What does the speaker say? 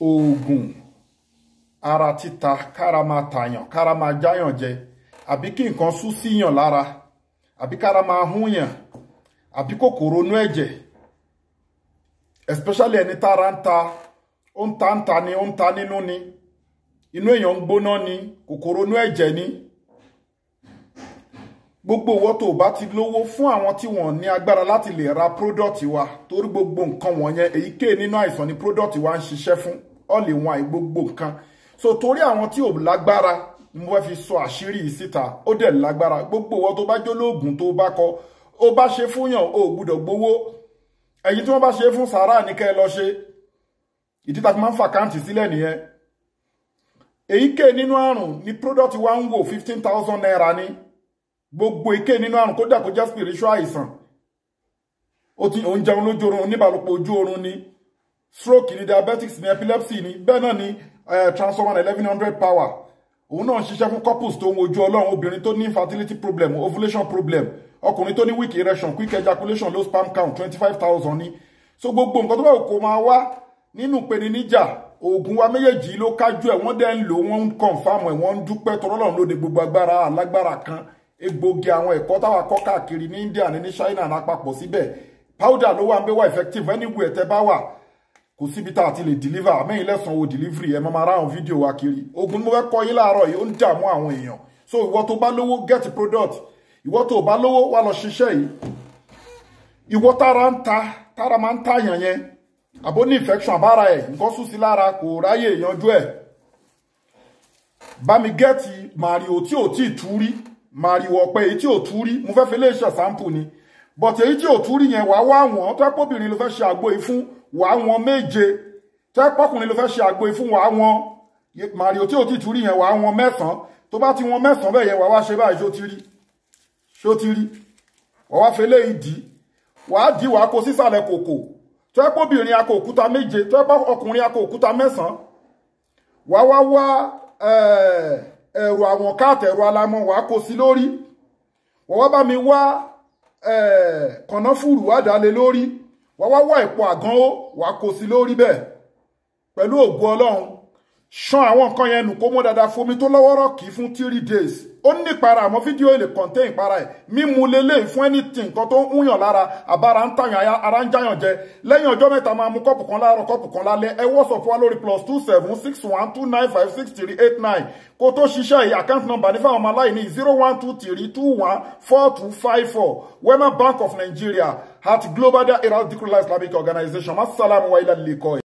oògùn ara títa kára máa tàyàn kára máa jáyàn jẹ àbí kí nǹkan sú síyàn lára àbí kára máa hún yàn àbí kòkòrò inú ẹ̀jẹ̀ especially ẹni tára ń ta ó ń ta ń ta ni ó ń ta nínú ni inú èèyàn ń gbóná ni kòkòrò inú ẹ̀jẹ̀ ni. gbogbo ìwọ tó bá ti lówó fún àwọn tí wọ́n ní agbára láti lè ra product wa torí gbogbo nǹkan wọ̀nyẹn èyíkéyìí nínú àìsàn ni product wa ń ṣiṣẹ́ fún all in one nǹkan so torí àwọn tí ò lágbára mo fẹ́ fi sọ àṣírí yìí síta ó dẹ̀ lágbára gbogbo ìwọ tó bá jólóògùn tó bá kọ ó bá ṣe fúnyàn ó gbúdọ̀ gbowó èyí tí wọ́n bá ṣe fún sàárà ní kẹ́ ẹ lọ ṣe ìdí tá fi máa ń fa káǹtì sílẹ̀ nìyẹn èyíkéyìí nínú àrùn ni product wa ń wò fifteen thousand naira ni gbogbo ike nínú àrùn kódà kó jẹ́ spiritual àìsàn ó ti òun jẹun lójú oorun oníbàlòpọ̀ ojú oorun ni stroke ni diabetics ni epilepsy ni bẹ́ẹ̀ náà ni transformer eleven hundred power òun náà ń ṣiṣẹ́ fún couples tó ń wojú ọlọ́run obìnrin tó ní infertility problem ovulation problem ọkùnrin tó ní weak erection quick ejaculation low sperm count twenty five thousand ni so gbogbo nǹkan tó bá kò máa wá nínú ìpèníjà oògùn wa méjèèjì ló kájú ẹ̀ wọ́n dẹ̀ ń lò wọ́n ń confam ẹ̀ wọ́n ń dúpẹ́ tọrọ́lọ́run lóde gbogbo agbára alágbára kan egbògi àwọn ẹ̀kọ́ táwa kọ́ káàkiri ní India ní ní China lápapọ̀ síbẹ̀ powder ló wà ń bẹ wá effective anywhere tẹ́ bá wà kò síbi tá a ti lè deliver àmẹ́yìn lẹ́sàn-án delivery ẹ̀ máa ráhùn fídíò wa kiri ogun mo fẹ́ kọ́ yín láàárọ̀ yìí ó ń dààmú àwọn èèyàn so ìwọ tó bá lówó get product ìwọ tó bá lówó wà lọ ṣiṣẹ́ yìí ìwọ tára ń ta tára máa ń tààyàn yẹn àbó ní infection àbára ẹ̀ nǹkan sùn sí lára kò ráyè yanjú ẹ̀ bá mi gẹ́ẹ̀tì màrí ò tí ò tí ì tú rí màrìwọ̀ pé èyí tí ò tú rí mo fẹ́ fi lè ṣe sample ni but èyí tí ò tú rí yẹn wàá wá wọn tẹ́pọ̀bìnrin ló fẹ́ ṣe àgbo yìí fún wàá wọn méje tẹ́pọ̀kùnrin ló fẹ́ ṣe àgbo yìí fún wàá wọn màrìwọ̀ tí ò ti tú rí yẹn wàá wọn mẹ́sàn-án tó bá ti wọn mẹ́sàn-án bẹ́ẹ̀ yẹn wàá wá ṣe báyìí ṣó ti rí ṣó ti rí wàá wá fi lè dì wàá dì wàá kó sísàlẹ̀ kòkò tẹ́pọ̀bìnrin akọ òkúta méje tẹ́pọ̀ ọkùnrin akọ òkúta mẹ́sàn-án wàá wá wá ẹ̀ẹ́ ẹ̀rọ àwọn káàtẹ̀rọ alamọ wàá kó sí lórí wọ́n wá bá mi wá kànáfùrù wá dalẹ̀ lórí wọ́n wá wá ìpò àgánwó wàá kó sí lórí bẹ́ẹ̀ pẹ̀lú ògo ọlọ́run ṣan àwọn nǹkan yẹn nù kó mọ́ dáadáa fomi tó lọ́wọ́rọ́ kì í fún three days ó ní ìpara àmọ́ fídíò èlè contain ìpara ẹ̀ mímu lélẹ̀ fún anything nǹkan tó ń húnyàn lára àbára ń tàyàn ara ń jáyàn jẹ lẹ́yìn ọjọ́ mẹ́ta máa mu kọ́ọ̀pù kan láàárọ̀ kọ́ọ̀pù kan lálẹ́ ẹ wọ́sọ̀ fún wa lórí plus two seven six one two nine five six three eight nine kó tó ṣiṣẹ́ yìí account number ní fáwọn ọmọ aláìní zero one two three two one four two five four Wema Bank of Nigeria at Global Dahiratu Dhikrlahi Islamic Organization masalamu wa ilal liqai.